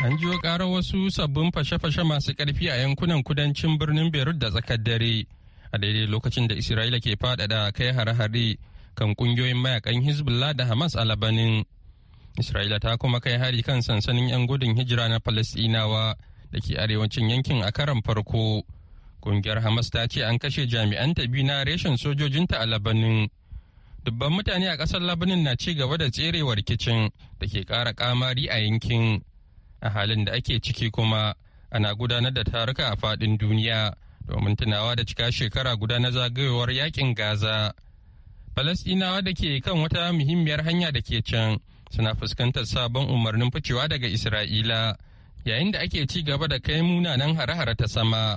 An jiwo ƙarar wasu sabbin fashe-fashe masu karfi a yankunan kudancin birnin Beirut da tsakar dare, a daidai lokacin da Isra'ila ke faɗaɗa kai hare-hare kan ƙungiyoyin mayakan Hezbollah da Hamas a Labanin. Isra'ila ta kuma kai hari kan sansanin 'yan gudun hijira na Falasɗinawa da ke arewacin yankin a karan farko. Ƙungiyar Hamas ta ce an kashe jami'an ta biyu na reshen sojojinta a Labanin. Dubban mutane a ƙasar Labanin na ci gaba da tserewar rikicin da ke ƙara ƙamari a yankin. a halin da ake ciki kuma ana gudanar da taruka a faɗin duniya domin tunawa da cika shekara guda na zagayowar yakin gaza Falasdinawa da ke kan wata muhimmiyar hanya da ke can suna fuskantar sabon umarnin ficewa daga isra'ila yayin da ake ci gaba da kai munanan hare-hare ta sama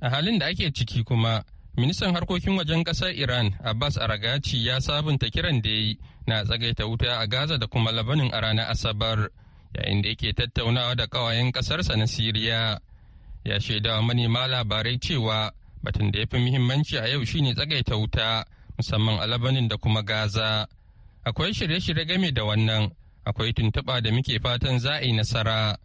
a halin da ake ciki kuma ministan harkokin wajen ƙasar iran abbas aragaci ya sabunta kiran da yi na tsagaita wuta a gaza da kuma labanin a ranar asabar yayin da yake tattaunawa da kawayen kasarsa na siriya ya shaidawa manema labarai cewa batun da ya fi muhimmanci a yau shine tsagaita wuta musamman a labanin da kuma gaza akwai shirye-shirye game da wannan akwai tuntuɓa da muke fatan za a yi nasara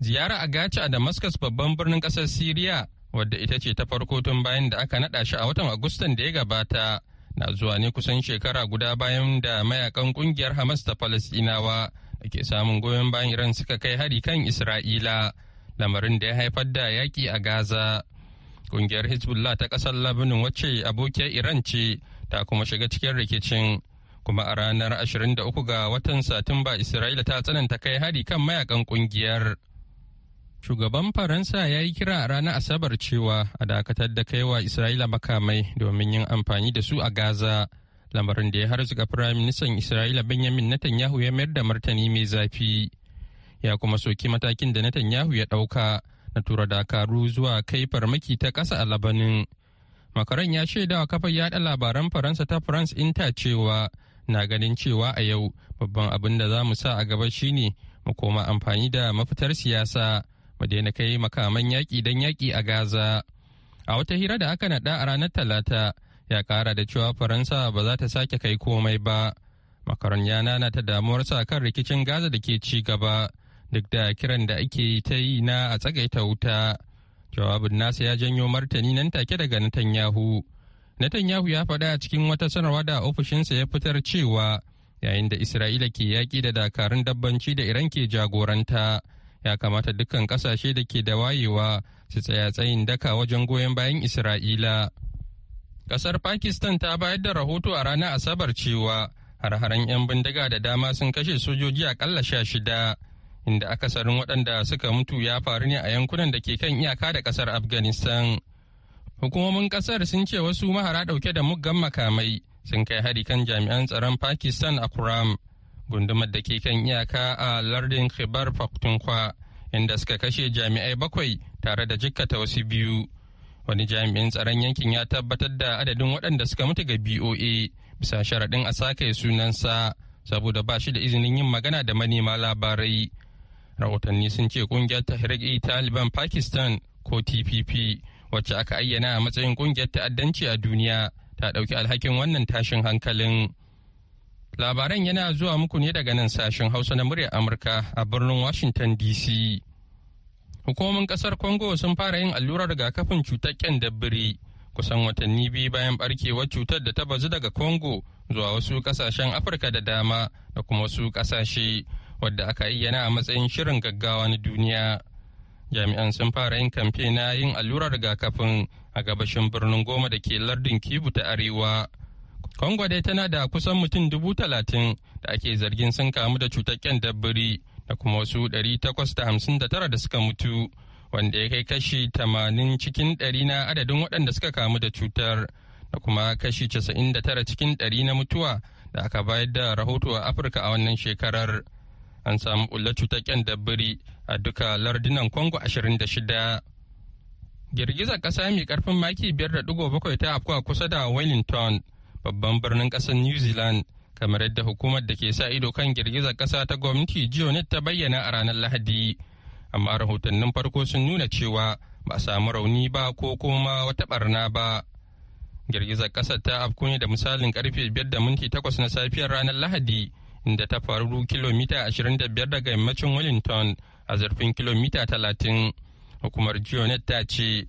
ziyara a gaci a damascus babban birnin ƙasar siriya wadda ita ce ta farko tun bayan da aka naɗa shi a watan agustan da ya gabata na zuwa ne kusan shekara guda bayan da mayakan ƙungiyar hamas ta falasɗinawa Ake samun goyon bayan Iran suka kai hari kan Isra'ila, lamarin da ya haifar da yaƙi a Gaza. Ƙungiyar Hezbollah ta ƙasar Labanin wacce abokiyar Iran ce ta kuma shiga cikin rikicin. Kuma a ranar 23 ga watan Satumba Isra'ila ta tsananta kai hari kan mayakan ƙungiyar. Shugaban Faransa ya yi kira a ranar Asabar cewa a dakatar da kaiwa Isra'ila makamai domin yin amfani da su a Gaza. lamarin da ya harzuka firaministan isra'ila benjamin netanyahu ya mayar da martani mai zafi ya kuma soki matakin da netanyahu ya ɗauka na tura dakaru zuwa kai farmaki ta kasa a labanin makaran ya shaidawa kafar yaɗa labaran faransa ta france ta cewa na ganin cewa a yau babban abin da za mu sa a gaba shine mu koma amfani da mafitar siyasa mu daina kai makaman yaƙi don yaƙi a gaza a wata hira da aka naɗa a ranar talata ya kara da cewa faransa ba za ta sake kai komai ba makaron ya nana ta damuwarsa kan rikicin gaza da ke ci gaba duk da kiran da ake ta yi na a tsagaita wuta jawabin nasa ya janyo martani nan take daga Natanyahu. Natanyahu ya faɗa a cikin wata sanarwa da ofishinsa ya fitar cewa yayin da isra'ila ke yaƙi da dakarun dabbanci da iran ke jagoranta ya kamata dukkan ƙasashe da ke da wayewa su tsaya tsayin daka wajen goyon bayan isra'ila Kasar Pakistan ta bayar da rahoto a ranar Asabar cewa har-haren 'yan bindiga da dama sun kashe sojoji a kalla sha shida, inda akasarin waɗanda suka mutu ya faru ne a yankunan da ke kan iyaka da kasar Afghanistan. Hukumomin kasar sun ce wasu mahara ɗauke da muggan makamai sun kai hari kan jami'an tsaron Pakistan a Kuram, gundumar da ke kan iyaka a lardin Khibar Pakhtunkhwa, inda suka kashe jami'ai bakwai tare da jikkata wasu biyu. wani jami'in tsaron yankin ya tabbatar da adadin waɗanda suka mutu ga boa bisa sharaɗin a sake sunansa saboda ba shi da izinin yin magana da manema labarai rahotanni sun ce kungiyar tahrir taliban pakistan ko tpp wacce aka ayyana a matsayin ƙungiyar ta'addanci a duniya ta ɗauki alhakin wannan tashin hankalin labaran yana zuwa muku ne daga nan sashen hausa na muryar amurka a birnin washington dc hukumomin kasar congo sun fara yin allurar rigakafin cutar dabbiri kusan watanni biyu bayan barkewar cutar da ta bazu daga congo zuwa wasu kasashen afirka da dama da kuma wasu kasashe wadda aka yi yana a matsayin shirin gaggawa na duniya jami'an sun fara yin kamfe na yin allurar rigakafin a gabashin birnin goma da ke lardin kibu ta arewa congo dai tana da kusan mutum dubu talatin da ake zargin sun kamu da cutar dabbiri da kuma wasu 859 da suka mutu wanda ya kai kashi 80 cikin 100 na adadin waɗanda suka kamu da cutar da kuma kashi 99 cikin 100 na mutuwa da aka bayar da rahoto a afirka a wannan shekarar an samu ɓullar cutar biri a duka lardunan congo 26 girgizar ƙasa mai karfin maki 5.7 ta afkuwa kusa da wellington babban birnin ƙasar new zealand kamar yadda hukumar da ke sa ido kan girgizar kasa ta gwamnati jionet ta bayyana a ranar lahadi amma rahotannin farko sun nuna cewa ba a samu rauni ba ko kuma wata barna ba girgizar kasa ta afku ne da misalin karfe 5 da minti 8 na safiyar ranar lahadi inda ta faru kilomita 25 daga yammacin wellington a zurfin kilomita 30 hukumar jionet ta ce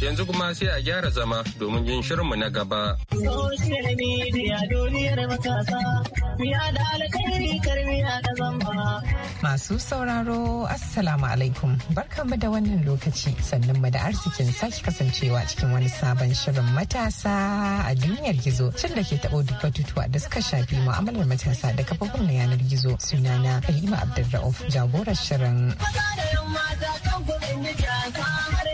Yanzu kuma sai a gyara zama domin yin shirinmu na gaba. Masu sauraro Assalamu alaikum barkanmu da wannan lokaci sannan mu da arzikin sake kasancewa cikin wani sabon shirin matasa a duniyar gizo cin da ke taɓo duk batutuwa da suka shafi mu'amalar matasa da kafofin na yanar gizo sunana Halima Abdulrauf jagorar shirin. da kan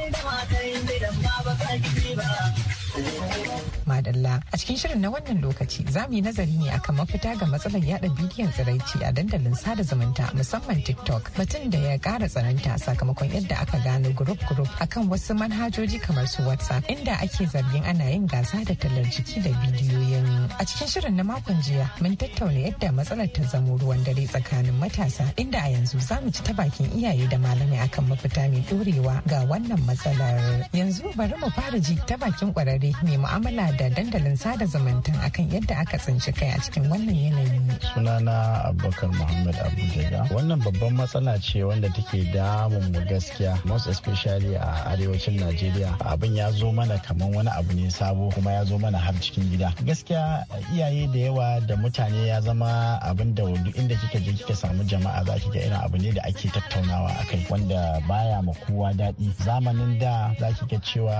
Allah. A cikin shirin na wannan lokaci za mu yi nazari ne akan mafita ga matsalar yada bidiyon tsiraici a dandalin sada zumunta musamman TikTok batun da ya kara tsananta sakamakon yadda aka gano group gurup akan wasu manhajoji kamar su WhatsApp inda ake zargin ana yin gasa da tallar jiki da bidiyoyin. A cikin shirin na makon jiya mun tattauna yadda matsalar ta zamo ruwan dare tsakanin matasa inda a yanzu za mu ci ta bakin iyaye da malamai akan mafita mai dorewa ga wannan matsalar. Yanzu bari mu fara ji ta bakin kwararre mai mu'amala da dandalin sada zamantan akan yadda aka tsinci kai a cikin wannan yanayi. Sunana Abubakar Muhammad Abujaga. Wannan babban matsala ce wanda take damun mu gaskiya most especially a arewacin Najeriya. Abin ya zo mana kamar wani abu ne sabo kuma ya zo mana har cikin gida. Gaskiya iyaye da yawa da mutane ya zama abin da duk inda kika je kika samu jama'a za ki ga irin abu ne da ake tattaunawa akai wanda baya ma kowa daɗi. Zamanin da za ki ga cewa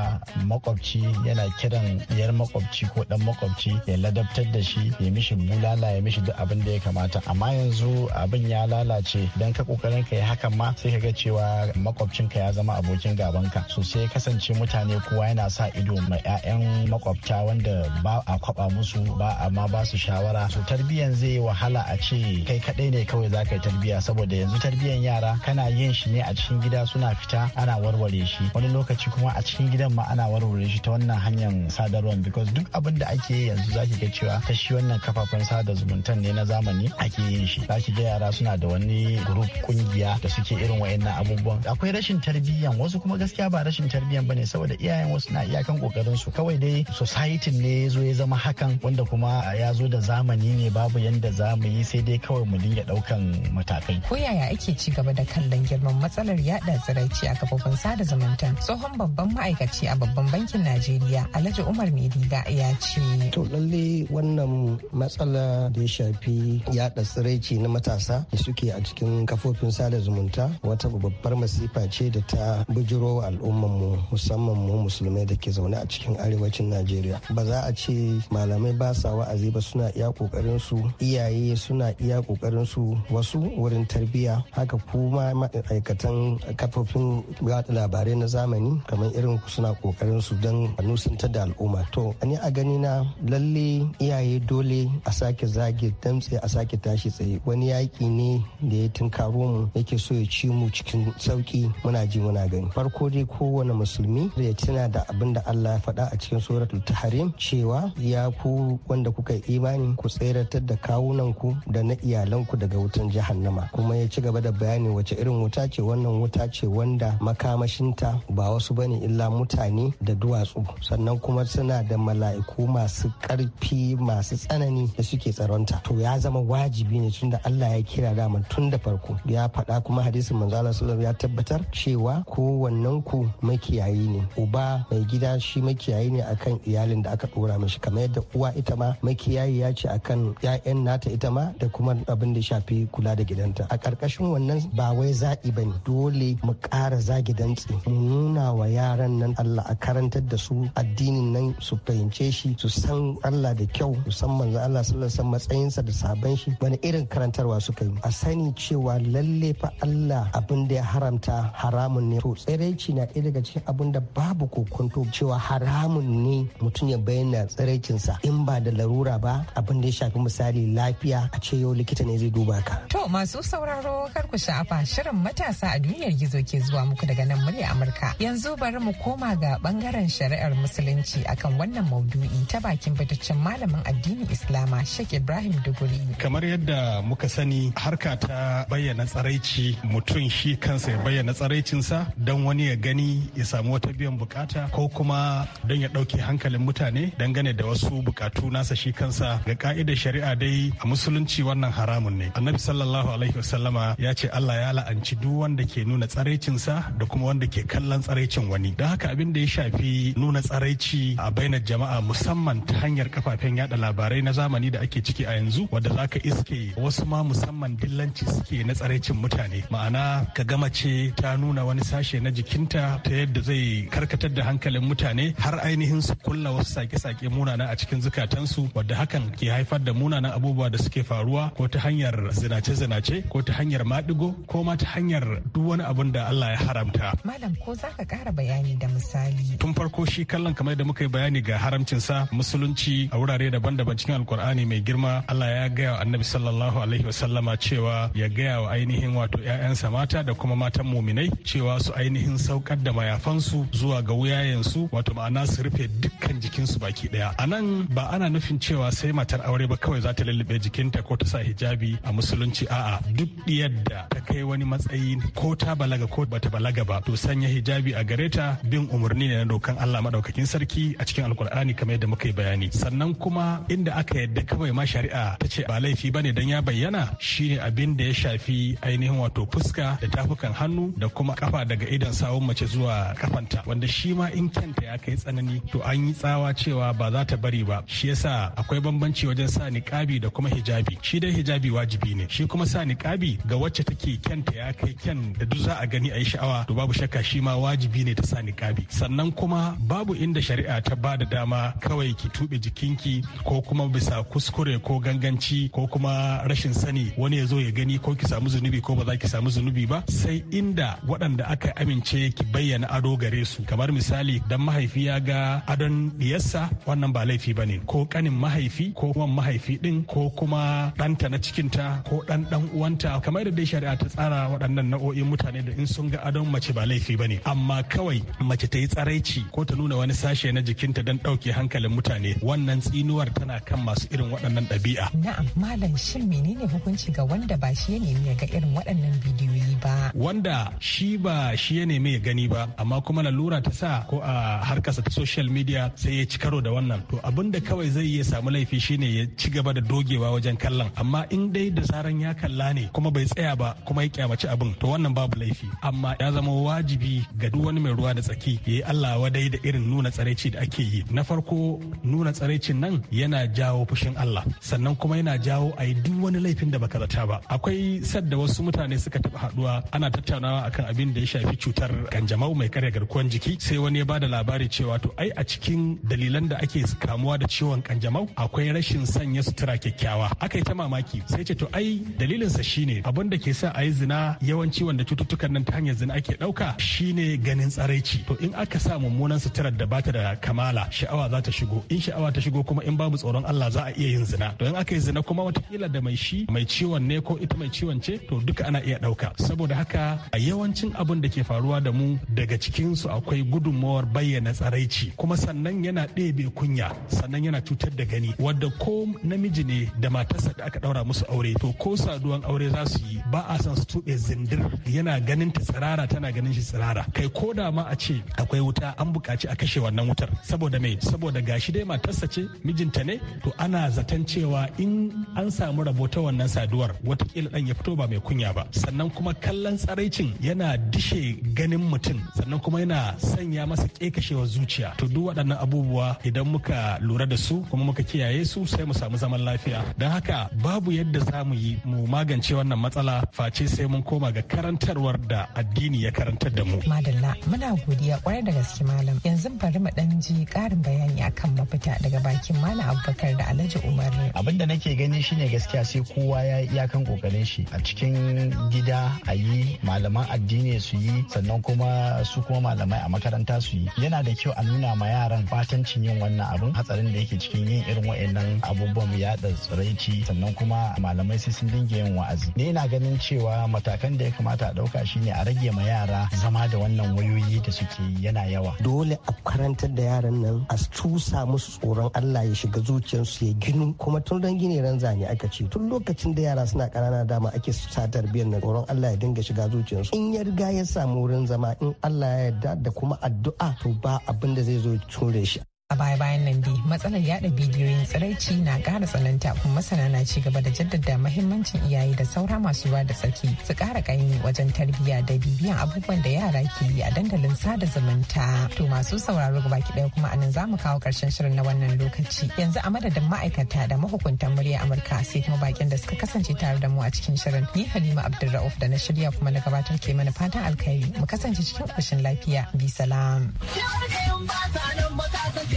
makwabci yana kiran diyar makwabci makwabci ko dan makwabci ya ladabtar da shi ya mishi bulala ya mishi duk abin da ya kamata amma yanzu abin ya lalace dan ka kokarin ka yi hakan ma sai ka ga cewa makwabcinka ya zama abokin gabanka so sai kasance mutane kowa yana sa ido ma 'ya'yan makwabta wanda ba a kwaba musu ba amma ba su shawara so tarbiyyan zai wahala a ce kai kadai ne kawai za ka yi tarbiyya saboda yanzu tarbiyyan yara kana yin shi ne a cikin gida suna fita ana warware shi wani lokaci kuma a cikin gidan ma ana warware shi ta wannan hanyar sadarwar because duk abin da ake yi yanzu zaki ga cewa ta shi wannan kafafen sada zumunta ne na zamani ake yin shi zaki ga yara suna da wani group kungiya da suke irin wayannan abubuwan akwai rashin tarbiyyan wasu kuma gaskiya ba rashin tarbiyyan bane saboda iyayen wasu na iyakan kokarin su kawai dai society ne ya zo ya zama hakan wanda kuma ya zo da zamani ne babu yanda za mu yi sai dai kawai mu dinga daukan matakai ko yaya ake ci gaba da kallon girman matsalar yada tsiraici a kafofin sada zumunta tsohon babban ma'aikaci a babban bankin Najeriya Alhaji Umar Mediga ya ce. To lalle wannan matsala da ya shafi yaɗa tsiraici na matasa da suke a cikin kafofin sada zumunta wata babbar masifa ce da ta bujiro al'ummar mu musamman mu musulmai da ke zaune a cikin arewacin Najeriya. Ba za a ce malamai ba sa wa'azi ba suna iya kokarin su iyaye suna iya kokarin su wasu wurin tarbiyya haka kuma ma'aikatan kafofin labarai na zamani kamar irin suna kokarin su don nusantar da al'umma. To ni a gani na lalle iyaye dole a sake zage damtse a sake tashi tsaye wani yaƙi ne da ya tunkaro mu yake so ya ci mu cikin sauki muna ji muna gani farko dai kowane musulmi da ya tuna da abin da Allah ya faɗa a cikin suratul tahrim cewa ya ku wanda kuka yi imani ku tseratar da kawunan ku da na iyalanku daga wutan jahannama kuma ya ci gaba da bayani wace irin wuta ce wannan wuta ce wanda makamashinta ba wasu bane illa mutane da duwatsu sannan kuma suna da mal mala'iku masu karfi masu tsanani da suke tsaronta to ya zama wajibi ne tunda Allah ya kira dama tun da farko ya faɗa kuma hadisin manzo Allah sallallahu ya tabbatar cewa ko wannan ku makiyayi ne uba mai gida shi makiyayi ne akan iyalin da aka dora mishi kamar yadda uwa ita ma makiyayi ya ce akan ƴaƴan nata ita ma da kuma abin da shafi kula da gidanta a ƙarƙashin wannan ba wai zaɓi ba ne dole mu ƙara zagi dantse mu nuna wa yaran nan Allah a karantar da su addinin nan su fahimci fahimce shi su san Allah da kyau su san manzo Allah sallallahu alaihi matsayinsa da sabon shi wani irin karantarwa suka yi a sani cewa lalle fa Allah abin da ya haramta haramun ne to tsiraici na ɗaya daga cikin abin da babu kokonto cewa haramun ne mutum ya bayyana tsiraicinsa in ba da larura ba abin da ya shafi misali lafiya a ce yau likita ne zai duba ka to masu sauraro kar ku sha'afa shirin matasa a duniyar gizo ke zuwa muku daga nan murya Amurka yanzu bari mu koma ga bangaren shari'ar musulunci akan wannan maudu'i ta bakin fitaccen malamin addinin Islama Sheikh Ibrahim Duguri. Kamar yadda muka sani harka ta bayyana tsaraici mutum shi kansa ya bayyana tsaraicinsa don wani ya gani ya samu wata biyan bukata ko kuma don ya ɗauke hankalin mutane dangane da wasu bukatu nasa shi kansa ga ka'idar shari'a dai a musulunci wannan haramun ne. Annabi sallallahu alaihi wasallama ya ce Allah ya la'anci duk wanda ke nuna tsaraicinsa da kuma wanda ke kallon tsaraicin wani. Don haka abin da ya shafi nuna tsaraici a bainar jama'a jama'a musamman ta hanyar kafafen yada labarai na zamani da ake ciki a yanzu wadda za ka iske wasu ma musamman dillanci suke na tsaraicin mutane ma'ana ka gama ce ta nuna wani sashe na jikinta ta yadda zai karkatar da hankalin mutane har ainihin su kulla wasu sake-sake munana a cikin zukatansu wadda hakan ke haifar da munanan abubuwa da suke faruwa ko ta hanyar zinace-zinace ko ta hanyar maɗigo ko ma ta hanyar duk wani abun da Allah ya haramta. Malam ko za ka ƙara bayani da misali. Tun farko shi kallon kamar da muka yi bayani ga haram ingancinsa musulunci a wurare daban-daban cikin alkur'ani mai girma allah ya gaya wa annabi sallallahu alaihi wasallama cewa ya gaya wa ainihin wato 'ya'yansa mata da kuma matan muminai cewa su ainihin saukar da mayafansu zuwa ga wuyayensu wato ma'ana su rufe dukkan jikinsu baki daya a nan ba ana nufin cewa sai matar aure ba kawai za ta lullube jikinta ko ta sa hijabi a musulunci a'a duk yadda ta kai wani matsayi ko ta balaga ko bata balaga ba to sanya hijabi a gareta bin umarni ne na dokan Allah madaukakin sarki a cikin alkur'ani alkur'ani kamar yadda muka yi bayani sannan kuma inda aka yadda kawai ma shari'a ta ce ba laifi bane dan ya bayyana shine abin da ya shafi ainihin wato fuska da tafukan hannu da kuma kafa daga idan sawun mace zuwa kafanta wanda shi ma in kyanta ya kai tsanani to an yi tsawa cewa ba za ta bari ba shi yasa akwai bambanci wajen sa niqabi da kuma hijabi shi dai hijabi wajibi ne shi kuma sa niqabi ga wacce take kyanta ya kai kyan da duk za a gani a yi sha'awa to babu shakka shi ma wajibi ne ta sa niqabi sannan kuma babu inda shari'a ta ba da dama zama kawai ki tuɓe jikinki ko kuma bisa kuskure ko ganganci ko kuma rashin sani wani ya zo ya gani ko ki samu zunubi ko ba za ki samu zunubi ba sai inda waɗanda aka amince ki bayyana ado gare su kamar misali dan mahaifi ya ga adon diyarsa wannan ba laifi ba ne ko kanin mahaifi ko kuma mahaifi ɗin ko kuma ɗanta na cikinta ko ɗan ɗan uwanta kamar da dai shari'a ta tsara waɗannan nau'o'in mutane da in sun ga adon mace ba laifi ba ne amma kawai mace ta yi tsaraici ko ta nuna wani sashe na jikinta don ɗauke ɗauke hankalin mutane wannan tsinuwar tana kan masu irin waɗannan ɗabi'a. Na'am malam shin menene hukunci ga wanda ba shi ya nemi ya ga irin waɗannan bidiyoyi ba? Wanda shi ba shi ya nemi ya gani ba amma kuma lalura ta sa ko a harkarsa ta social media sai ya ci karo da wannan to abin da kawai zai iya samu laifi shine ya ci gaba da dogewa wajen kallon amma in dai da zaran ya kalla ne kuma bai tsaya ba kuma ya kyamaci abin to wannan babu laifi amma ya zama wajibi ga duk wani mai ruwa da tsaki ya yi Allah wadai da irin nuna tsaraici da ake yi na farko nuna tsaraicin nan yana jawo fushin Allah sannan kuma yana jawo a yi duk wani laifin da baka zata ba akwai sadda wasu mutane suka taba haduwa ana tattaunawa akan abin da ya shafi cutar kanjamau mai karya garkuwan jiki sai wani ya bada labari cewa to ai a cikin dalilan da ake kamuwa da ciwon kanjamau akwai rashin sanya sutura kyakkyawa aka yi ta mamaki sai ce to ai dalilinsa shine abin da ke sa a yi zina yawanci wanda cututtukan nan ta hanyar zina ake dauka shine ganin tsaraici to in aka sa mummunan suturar da bata da kamala sha'awa sha'awa za ta shigo in sha'awa ta shigo kuma in babu tsoron Allah za a iya yin zina to in aka yi zina kuma watakila da mai shi mai ciwon ne ko ita mai ciwon ce to duka ana iya ɗauka saboda haka a yawancin abin da ke faruwa da mu daga cikinsu akwai gudunmawar bayyana tsaraici kuma sannan yana ɗebe kunya sannan yana cutar da gani wadda ko namiji ne da matarsa da aka ɗaura musu aure to ko saduwan aure za su yi ba a san su tuɓe zindir yana ganin ta tsirara tana ganin shi tsirara kai ko da ma a ce akwai wuta an buƙaci a kashe wannan wutar saboda mai. saboda gashi dai matarsa ce mijinta ne to ana zaton cewa in an samu rabo ta wannan saduwar watakila dan ya fito ba mai kunya ba sannan kuma kallon tsaraicin yana dishe ganin mutum sannan kuma yana sanya masa kekashewar zuciya to duk waɗannan abubuwa idan muka lura da su kuma muka kiyaye su sai mu samu zaman lafiya don haka babu yadda za mu yi mu magance wannan matsala face sai mun koma ga karantarwar da addini ya karantar da mu madalla muna godiya kwarai da gaske malam yanzu bari mu dan ji karin bayani bayani akan mafita daga bakin Malam Abubakar da Alhaji Umar. Abin da nake gani shine gaskiya sai kowa ya yi iyakan kokarin shi a cikin gida a yi malaman addini su yi sannan kuma su kuma malamai a makaranta su yi. Yana da kyau a nuna ma yaran fatancin yin wannan abin hatsarin da yake cikin yin irin wa'annan abubuwan yaɗa tsiraici sannan kuma malamai sai sun dinga yin wa'azi. ne ina ganin cewa matakan da ya kamata a ɗauka shine a rage ma yara zama da wannan wayoyi da suke yana yawa. Dole a karantar da yaran nan a cusa musu tsoron Allah ya shiga zuciyarsu ya ginu kuma tun ran gine ran zane aka ce tun lokacin da yara suna ƙanana dama ake sa tarbiyyar na tsoron Allah ya dinga shiga zuciyarsu in ya riga ya samu wurin zama in Allah ya yarda da kuma addu'a to ba abin da zai zo cure shi a baya bayan nan dai matsalar yada bidiyoyin tsiraici na kara tsananta kuma masana na ci gaba da jaddada mahimmancin iyaye da saura masu ruwa da tsaki su kara kaini wajen tarbiyya da bibiyan abubuwan da yara ke yi a dandalin sada zumunta to masu sauraro gaba ki ɗaya kuma anan zamu kawo karshen shirin na wannan lokaci yanzu a madadin ma'aikata da mahukuntan murya amurka sai kuma bakin da suka kasance tare da mu a cikin shirin ni halima abdulra'uf da na shirya kuma na gabatar ke mana fatan alkhairi mu kasance cikin koshin lafiya bi salam.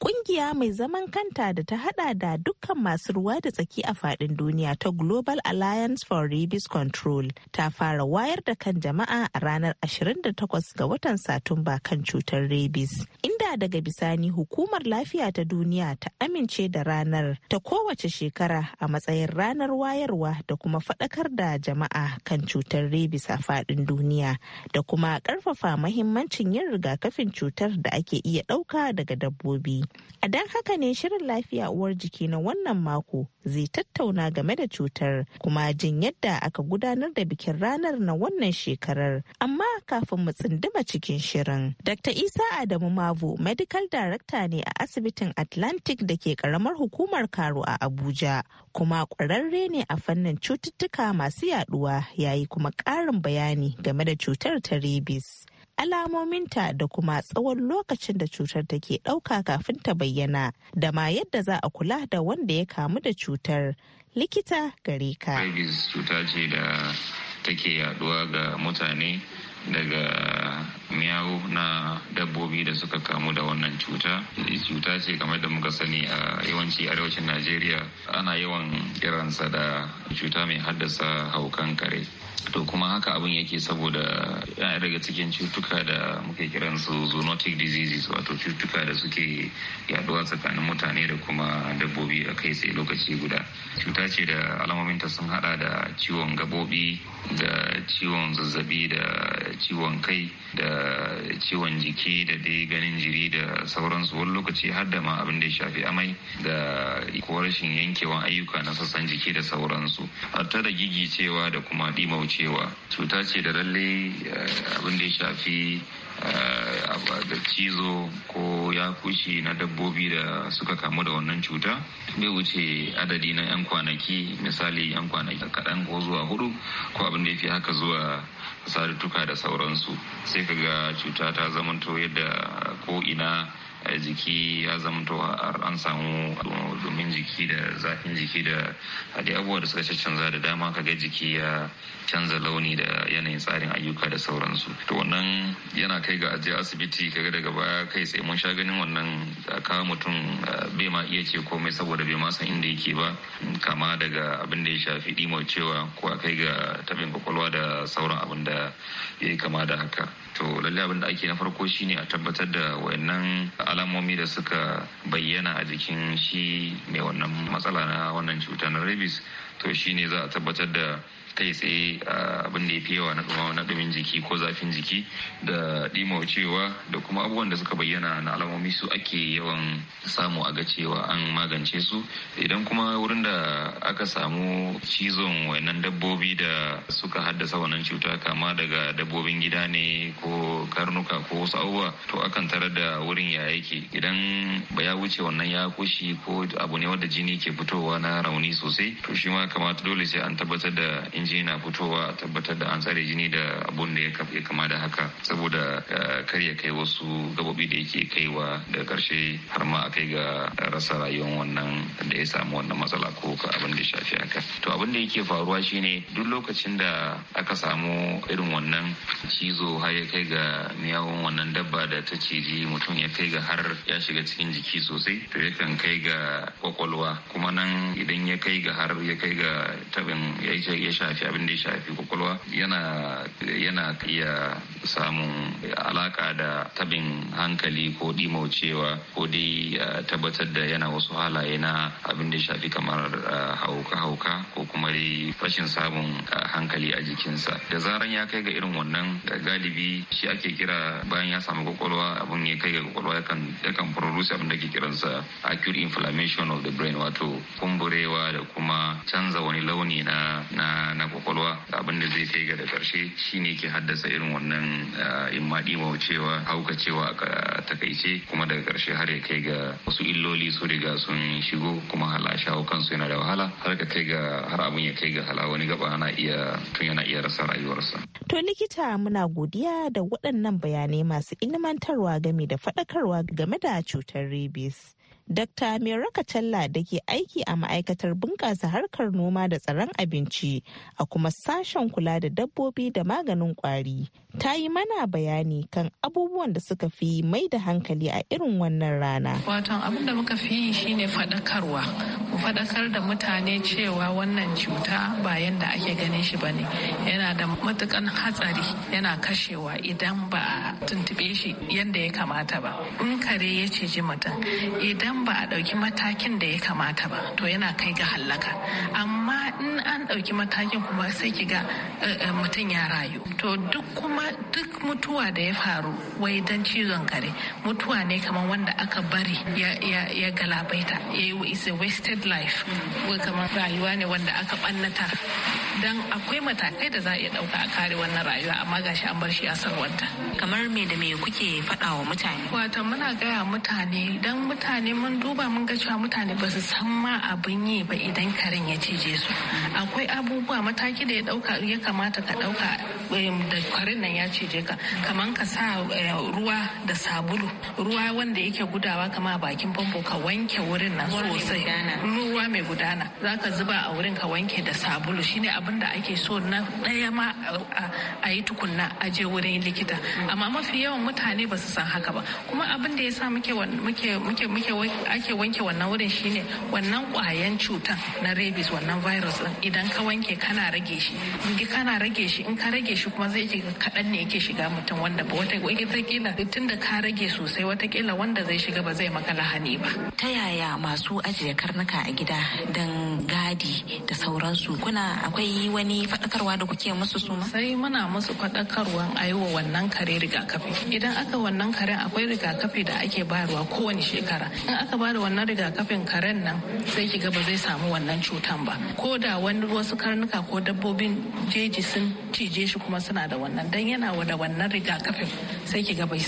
kungiya mai zaman kanta da ta hada da dukkan masu ruwa da tsaki a fadin duniya ta global alliance for rabies control ta fara wayar da kan jama'a a ranar 28 ga watan satumba kan cutar rabies inda daga bisani hukumar lafiya ta duniya ta amince da ranar ta kowace shekara a matsayin ranar wayarwa da kuma faɗakar da jama'a kan cutar rabies a fadin duniya da kuma ƙarfafa mahimmancin yin rigakafin cutar da ake iya ɗauka daga dabbobi A don haka ne shirin lafiya uwar jiki na wannan mako zai tattauna game da cutar kuma jin yadda aka gudanar da bikin ranar na wannan shekarar. Amma kafin mu tsinduma cikin shirin. Dr. Isa Adamu Mavu Medical Director ne a asibitin Atlantic da ke karamar hukumar Karo a Abuja, kuma kwararre ne a fannin cututtuka masu yaduwa yayi kuma ƙarin bayani game da cutar ta rabies. alamominta da kuma tsawon lokacin da cutar take ɗauka kafin ta bayyana da ma yadda za a kula da wanda ya kamu da cutar likita gare ka. cuta ce da take yaduwa ga mutane daga miyawu na dabbobi da suka kamu da wannan cuta cuta ce kamar da muka sani a yawanci arewacin najeriya ana yawan kiransa da cuta mai haddasa haukan kare to kuma haka abin yake saboda yana daga cikin cutuka da muke kiran su zoonotic diseases wato cutuka da suke yaduwa tsakanin mutane da kuma dabbobi a kai sai lokaci guda cuta ce da alamominta sun hada da ciwon gabobi da ciwon zazzabi da ciwon kai da ciwon jiki da dai ganin jiri da sauransu wani lokaci har da ma abin da ya shafi amai da ko rashin yankewan ayyuka na sassan jiki da sauransu hatta da gigicewa da kuma ɗimau cewa cuta ce da lalle eh, abin da ya shafi eh, da cizo ko ya kushi na dabbobi da suka kamu da wannan cuta bai wuce adadi na 'yan kwanaki misali 'yan kwanaki kaɗan ko zuwa hudu ko abin da ya fi haka zuwa sadutuka da sauransu sai ka ga cuta ta zamanto yadda ko ina Eh, jiki ya zamto an samu domin jiki da zafin jiki da hadi abubuwa da suka canza da dama kaga jiki ya canza launi da yanayin tsarin ayyuka da sauransu to wannan yana kai ga ajiye asibiti kaga daga baya kai sai mun sha ganin wannan kawo mutum bai ma iya ce komai saboda bai ma san inda yake ba kama daga abin da ya shafi ɗimo cewa ko a kai ga tabin kwakwalwa da sauran abin da ya yi kama da haka to lallai abin da ake na farko shine a tabbatar da wayannan alamomi da suka bayyana a jikin shi mai wannan matsala na wannan cuta na rabies to shi ne za a tabbatar da kai tsaye abin da ya fi yawa na kuma na ɗumin jiki ko zafin jiki da ɗimaucewa da kuma abubuwan da suka bayyana na alamomi su ake yawan samu a ga cewa an magance su idan kuma wurin da aka samu cizon wannan dabbobi da suka haddasa wannan cuta kama daga dabbobin gida ne ko karnuka ko wasu abubuwa to akan tarar da wurin ya yake idan ba ya wuce wannan ya kushi ko abu ne wanda jini ke fitowa na rauni sosai to shi ma kamata dole sai an tabbatar da inji jini na fitowa a tabbatar da an tsare jini da abun da ya kama da haka saboda eh, kar ya kai wasu gabobi da yake kaiwa daga karshe har ma a kai ga rasa rayuwar wannan da ya samu wannan matsala ko ka abin da ya shafi haka to abin da yake faruwa shine duk lokacin da aka samu irin wannan cizo har ya kai ga miyawun wannan dabba da ta ciji mutum ya kai ga har ya shiga cikin jiki sosai to yakan kai ga kwakwalwa kuma nan idan ya kai ga har ya kai ga tabin ya shafi shafi abin da ya shafi kwakwalwa yana yana iya samun alaka da tabin hankali ko dimaucewa ko dai eh, tabbatar da yana wasu halaye na abin da shafi kamar eh, hauka-hauka ko kuma dai rashin samun eh, hankali a jikinsa da zaran ya kai ga irin wannan galibi shi ake kira bayan ya samu kwakwalwa abin ya kai ga kwakwalwa yakan produce abin da ke kiransa acute inflammation of the brain wato kumburewa da kuma canza wani launi na na kwakwalwa abin da zai kai ga da karshe shine ke haddasa irin wannan Eh, in ma cewa a takaice kuma daga karshe har ya kai ga wasu illoli su riga sun shigo kuma hala shawo kansu yana da wahala har ka kai ga har abin ya kai ga hala wani gaba ana iya tun yana iya rasa rayuwarsa. To likita muna godiya da waɗannan bayanai masu ilmantarwa game da faɗakarwa game da cutar rabies. Dr. Meraka Talla da ke aiki a ma'aikatar bunƙasa harkar noma da tsaron abinci a kuma sashen kula da dabbobi da maganin ƙwari ta yi mana bayani kan abubuwan da suka fi mai da hankali a irin wannan rana. Watan abin da muka fi yi shine faɗakarwa faɗakar da mutane cewa wannan cuta ba yadda ake ganin shi ba ne yana da matukan hatsari yana kashewa idan ba a tuntube shi yadda ya kamata ba in kare ya ciji mutum idan ba a ɗauki matakin da ya kamata ba to yana kai ga hallaka amma in an ɗauki matakin kuma sai ki ga eh, eh, mutum ya rayu to duk kuma duk mutuwa da ya faru wai dan cizon kare mutuwa ne kamar wanda aka bari ya galabaita is a wasted life ko kamar rayuwa ne wanda aka ɓannata don akwai matakai da za a iya ɗauka a kare wannan rayuwa amma gashi an bar shi a sarwanta kamar me da me kuke faɗa wa mutane wato muna gaya mutane don mutane mun duba mun ga cewa mutane ba su san ma abin yi ba idan karen ya cije su akwai abubuwa mataki da ya ɗauka ya kamata ka ɗauka Eh, da kwarin nan ya ce je ka kaman ka sa eh, ruwa da sabulu ruwa wanda yake gudawa kama bakin famfo ka wanke wurin nan sosai ruwa mai gudana za ka zuba a wurin ka wanke da sabulu shine abin da ake so na ɗaya ma a yi tukunna a je wurin likita amma mafi yawan mutane ba su san haka ba kuma abin da ya sa muke ake wanke wannan wurin shine wannan kwayan cutan na rabies wannan virus idan ka wanke kana rage shi in kana rage shi in ka rage shi kuma zai ji kaɗan ne yake shiga mutum wanda ba wata watakila tun da ka rage sosai watakila wanda zai shiga ba zai maka lahani ba. Ta yaya masu ajiye karnuka a gida don gadi da sauransu kuna akwai wani faɗakarwa da kuke musu su ma? Sai muna musu faɗakarwa a yi wa wannan kare rigakafi. Idan aka wannan karen akwai rigakafi da ake bayarwa kowane shekara. In aka ba da wannan rigakafin karen nan sai ki ga ba zai samu wannan cutan ba. Ko da wani wasu karnuka ko dabbobin jeji sun cije shi kuma suna da wannan dan yana da wannan rigakafin sai ki ga bai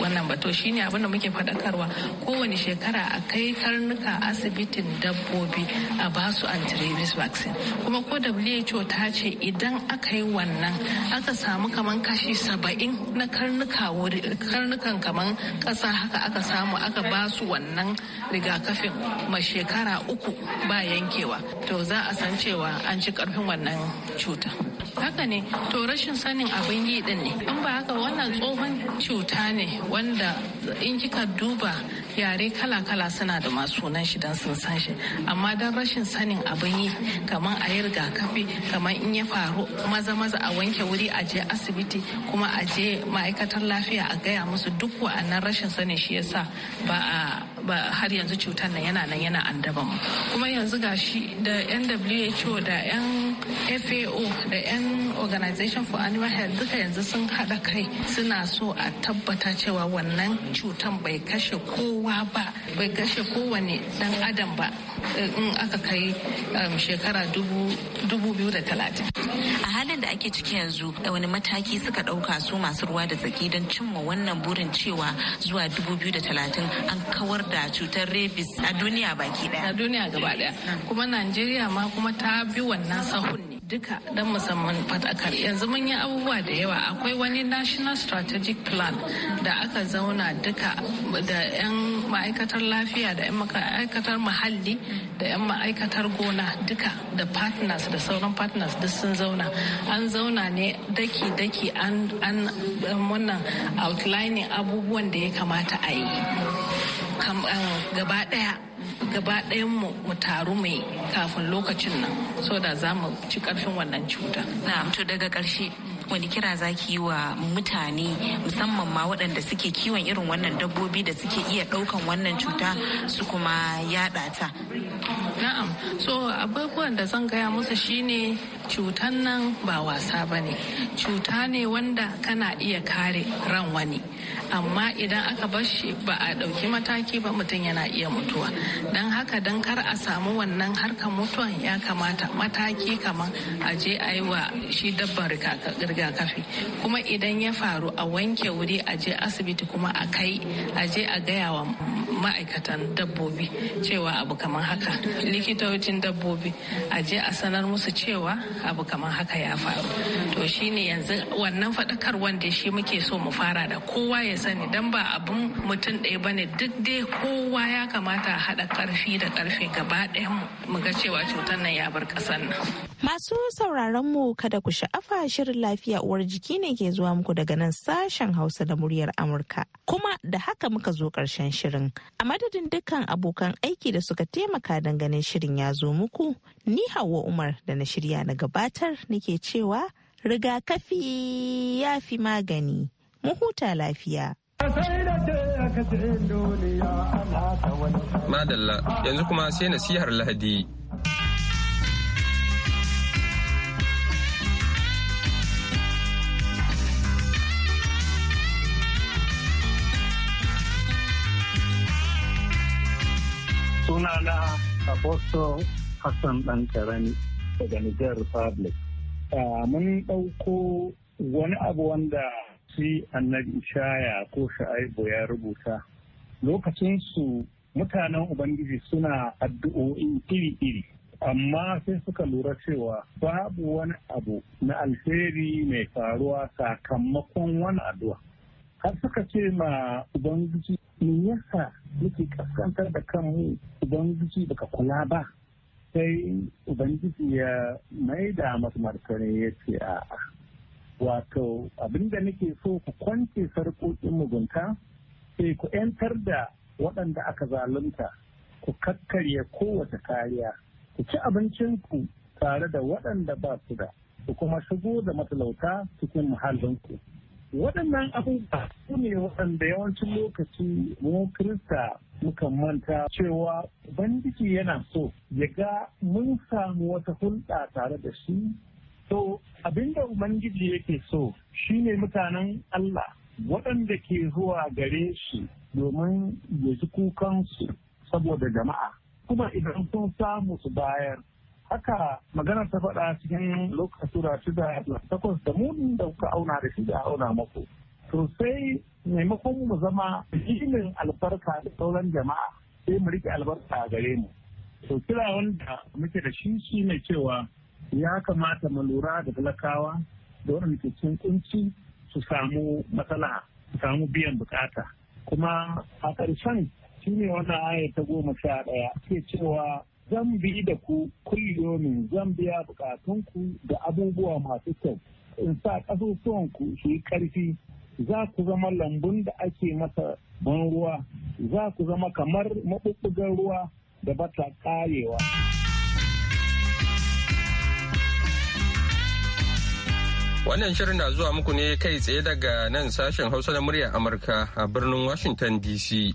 wannan ba to shine abin da muke faɗakarwa kowane shekara a kai karnuka asibitin dabbobi a ba su antirabis vaccine kuma ko WHO ta ce idan aka yi wannan aka samu kaman kashi saba'in na karnuka karnukan kaman kasa haka aka samu aka ba su wannan rigakafin ma shekara uku ba yankewa to za a san cewa an ci karfin wannan cuta. haka ne to rashin sanin abin yi din ne in ba haka wannan tsohon cuta ne wanda in kika duba yare kala-kala suna da masu sunan shi dan sun san shi amma dan rashin sanin abin yi kamar a yi rigakafi kamar in ya faru maza-maza a wanke wuri a je asibiti kuma a je ma'aikatar lafiya a gaya musu duk wa'annan rashin sanin shi yasa ba a ba har yanzu cutar nan yana nan yana andaban kuma yanzu gashi da nwo da yan fao organization for animal health duka yanzu sun haɗa kai suna so a tabbata cewa wannan cutan bai kashe kowa ba bai kashe kowane dan adam ba eh, in aka kai um, shekara dubu biyu da talatin a halin da ake ciki yanzu da wani mataki suka ɗauka su masu ruwa da tsaki don cimma wannan burin cewa zuwa dubu biyu da talatin an kawar da cutar rabies a duniya baki daya a duniya gaba daya kuma najeriya ma kuma ta bi wannan sahun ne duka don musamman fadakar yanzu mun yi abubuwa da yawa akwai wani national strategic plan da aka zauna duka da 'yan ma'aikatar lafiya da 'yan ma'aikatar muhalli da 'yan ma'aikatar gona duka da partners da sauran partners duk sun zauna an zauna ne daki-daki an wannan outlining abubuwan da ya kamata a yi eh, gaba ɗaya gaba ɗayan mu mu taru mai kafin lokacin nan so da za mu ci karfin wannan cuta. Na to daga ƙarshe wani kira za ki yi wa mutane musamman ma waɗanda suke kiwon irin wannan dabbobi da suke iya ɗaukan wannan cuta su kuma yaɗa ta. Na'am, so abubuwan da zan gaya musu shine cutan nan ba wasa ba ne cuta ne wanda kana iya kare ran wani amma idan aka bar shi ba a ɗauki mataki ba mutum yana iya mutuwa don haka don kar a samu wannan harkar mutuwan ya kamata mataki kamar a je a yi wa shi dabban rigakafi kuma idan ya faru a wanke wuri a je asibiti kuma a kai a je a gaya wa ma'aikatan dabbobi cewa abu kamar haka likitocin dabbobi a je a sanar musu cewa abu kamar haka ya faru to shine yanzu wannan faɗakar wanda shi muke so mu fara da kowa ya sani dan ba abun mutum ɗaya bane duk dai kowa ya kamata a haɗa ƙarfi da ƙarfe gaba ɗaya mu ga cewa cutar nan ya bar ƙasar nan masu sauraron mu kada ku sha'afa shirin lafiya uwar jiki ne ke zuwa muku daga nan sashen hausa da muryar amurka kuma da haka muka zo karshen shirin a madadin dukkan abokan aiki da suka taimaka don ganin shirin ya zo muku Ni Hauwa Umar da na shirya na gabatar nake cewa rigakafi ya fi magani, mu huta lafiya. Madalla yanzu kuma sai na nasihar Lahadi. Sunana Apostle Hassan ɗan karami daga Niger Republic. Ah, mun ɗauko wani abu wanda shi annabi Ishaya ko Sha'aibu ya rubuta. Lokacin su mutanen Ubangiji suna addu'o'i iri-iri. Amma sai suka lura cewa babu wani abu na alheri mai faruwa sakamakon wani addu'a. Har suka ce ma Ubangiji, me yasa yake kaskantar da kanmu Ubangiji baka kula ba. sai ubangiji ya maida masu martani ya ce a wato abinda nake so ku kwance sarƙoƙin mugunta sai ku 'yantar da waɗanda aka zalunta ku kakkarya kowace kariya ku ci abincinku tare da waɗanda ba su da ku kuma shigo da matalauta cikin muhallinku waɗannan abubuwa su ne waɗanda yawancin lokaci mu kirista muka manta cewa ubangiji yana so ya ga mun samu wata hulɗa tare da shi to abinda ubangiji yake so shine mutanen Allah waɗanda ke zuwa gare shi domin ya ji kukansu saboda jama'a kuma idan sun samu su bayar haka magana ta faɗa cikin lokacin da shida da takwas da mun da kuka auna da shi da auna muku to sai maimakon mu zama ilimin albarka da sauran jama'a sai mu riƙe albarka a gare mu to kira wanda muke da shi shi ne cewa ya kamata mu lura da talakawa da wani ke cikin kunci su samu matsala su samu biyan bukata kuma a ƙarshen shi ne wannan aya ta goma sha ɗaya ke cewa zan bi da ku kulliyomin zan biya ku da abubuwa masu kyau in sa ƙasusuwanku su yi ƙarfi za ku zama lambun da ake masa ban ruwa za ku zama kamar maɓuɓɓugan ruwa da bata ƙarewa. Wannan shirin na zuwa muku ne kai tsaye daga nan sashen Hausa da murya Amurka a birnin Washington DC.